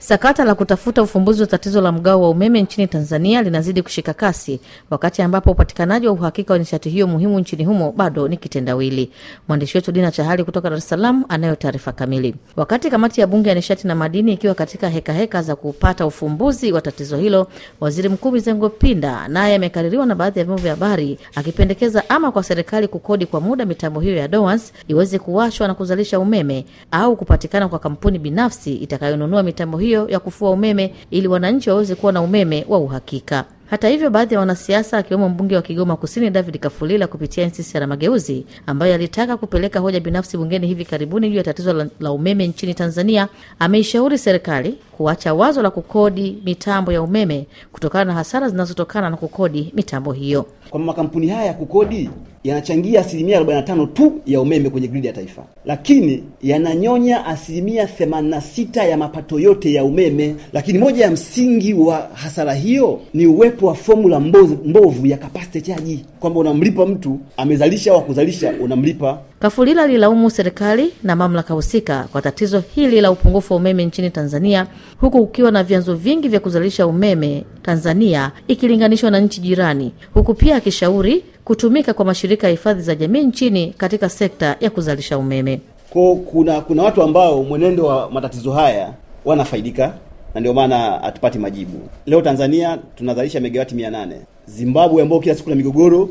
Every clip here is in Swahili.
Sakata la kutafuta ufumbuzi wa tatizo la mgao wa umeme nchini Tanzania linazidi kushika kasi wakati ambapo upatikanaji wa uhakika wa nishati hiyo muhimu nchini humo bado ni kitendawili. Mwandishi wetu Dina Chahali kutoka Dar es Salaam anayo taarifa kamili. Wakati kamati ya Bunge ya nishati na madini ikiwa katika hekaheka heka za kupata ufumbuzi wa tatizo hilo, waziri mkuu Mizengo Pinda naye amekaririwa na baadhi ya vyombo vya habari akipendekeza ama kwa serikali kukodi kwa muda mitambo hiyo ya Dowans iweze kuwashwa na kuzalisha umeme au kupatikana kwa kampuni binafsi itakayonunua mitambo hiyo hiyo ya kufua umeme ili wananchi waweze kuwa na umeme wa uhakika. Hata hivyo, baadhi ya wanasiasa akiwemo mbunge wa Kigoma Kusini David Kafulila kupitia NCCR Mageuzi, ambaye alitaka kupeleka hoja binafsi bungeni hivi karibuni juu ya tatizo la, la umeme nchini Tanzania, ameishauri serikali kuacha wazo la kukodi mitambo ya umeme kutokana na hasara zinazotokana na kukodi mitambo hiyo. Kwa makampuni haya ya kukodi yanachangia asilimia 45 tu ya umeme kwenye gridi ya taifa, lakini yananyonya asilimia 86 ya mapato yote ya umeme. Lakini moja ya msingi wa hasara hiyo ni uwepo wa fomula mbovu ya kapasiti chaji kwamba unamlipa mtu amezalisha au akuzalisha, unamlipa Kafulila alilaumu serikali na mamlaka husika kwa tatizo hili la upungufu wa umeme nchini Tanzania, huku kukiwa na vyanzo vingi vya kuzalisha umeme Tanzania ikilinganishwa na nchi jirani, huku pia akishauri kutumika kwa mashirika ya hifadhi za jamii nchini katika sekta ya kuzalisha umeme. ko kuna kuna watu ambao mwenendo wa matatizo haya wanafaidika na ndio maana hatupati majibu. Leo Tanzania tunazalisha megawati mia nane. Zimbabwe ambao kila siku na migogoro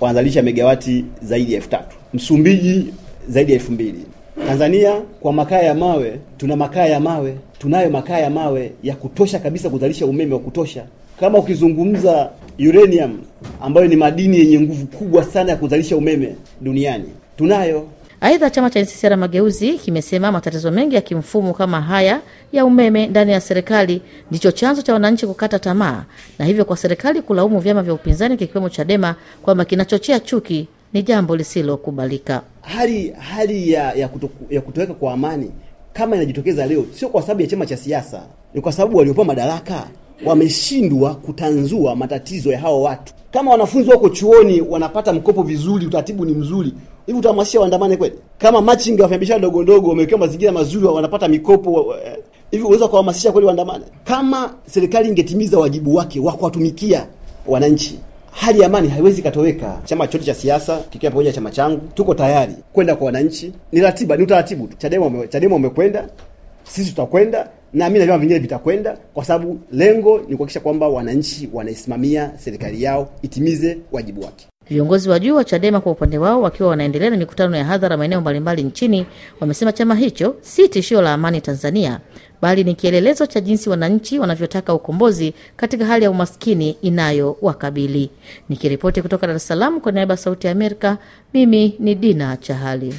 wanazalisha megawati zaidi ya elfu tatu. Msumbiji zaidi ya elfu mbili. Tanzania kwa makaa ya mawe tuna makaa ya mawe, tunayo makaa ya mawe ya kutosha kabisa kuzalisha umeme wa kutosha. Kama ukizungumza uranium ambayo ni madini yenye nguvu kubwa sana ya kuzalisha umeme duniani tunayo. Aidha, chama cha NCCR Mageuzi kimesema matatizo mengi ya kimfumo kama haya ya umeme ndani ya serikali ndicho chanzo cha wananchi kukata tamaa, na hivyo kwa serikali kulaumu vyama vya upinzani kikiwemo Chadema kwamba kinachochea chuki ni jambo lisilokubalika. Hali hali ya, ya, kuto, ya kutoweka kwa amani kama inajitokeza leo, sio kwa sababu ya chama cha siasa, ni kwa sababu waliopewa madaraka wameshindwa kutanzua matatizo ya hao watu. Kama wanafunzi wako chuoni wanapata mkopo vizuri, utaratibu ni mzuri, hivi utahamasisha waandamane kweli? Kama machinga, wafanyabiashara ndogo ndogo wamewekewa mazingira mazuri, wanapata mikopo hivi, unaweza kuhamasisha kweli waandamane? Kama serikali ingetimiza wajibu wake wa kuwatumikia wananchi, hali ya amani haiwezi katoweka. Chama chote cha siasa kikiwa pamoja chama changu, tuko tayari kwenda kwa wananchi. Ni ratiba, ni utaratibu tu. Chadema ume, Chadema umekwenda, sisi tutakwenda na mimi na vyama vingine vitakwenda, kwa sababu lengo ni kuhakikisha kwamba wananchi wanaisimamia serikali yao itimize wajibu wake. Viongozi wa juu wa Chadema kwa upande wao, wakiwa wanaendelea na mikutano ya hadhara maeneo mbalimbali nchini, wamesema chama hicho si tishio la amani Tanzania, bali ni kielelezo cha jinsi wananchi wanavyotaka ukombozi katika hali ya umaskini inayowakabili. Nikiripoti kutoka Dar es Salaam kwa niaba ya Sauti ya Amerika, mimi ni Dina Chahali.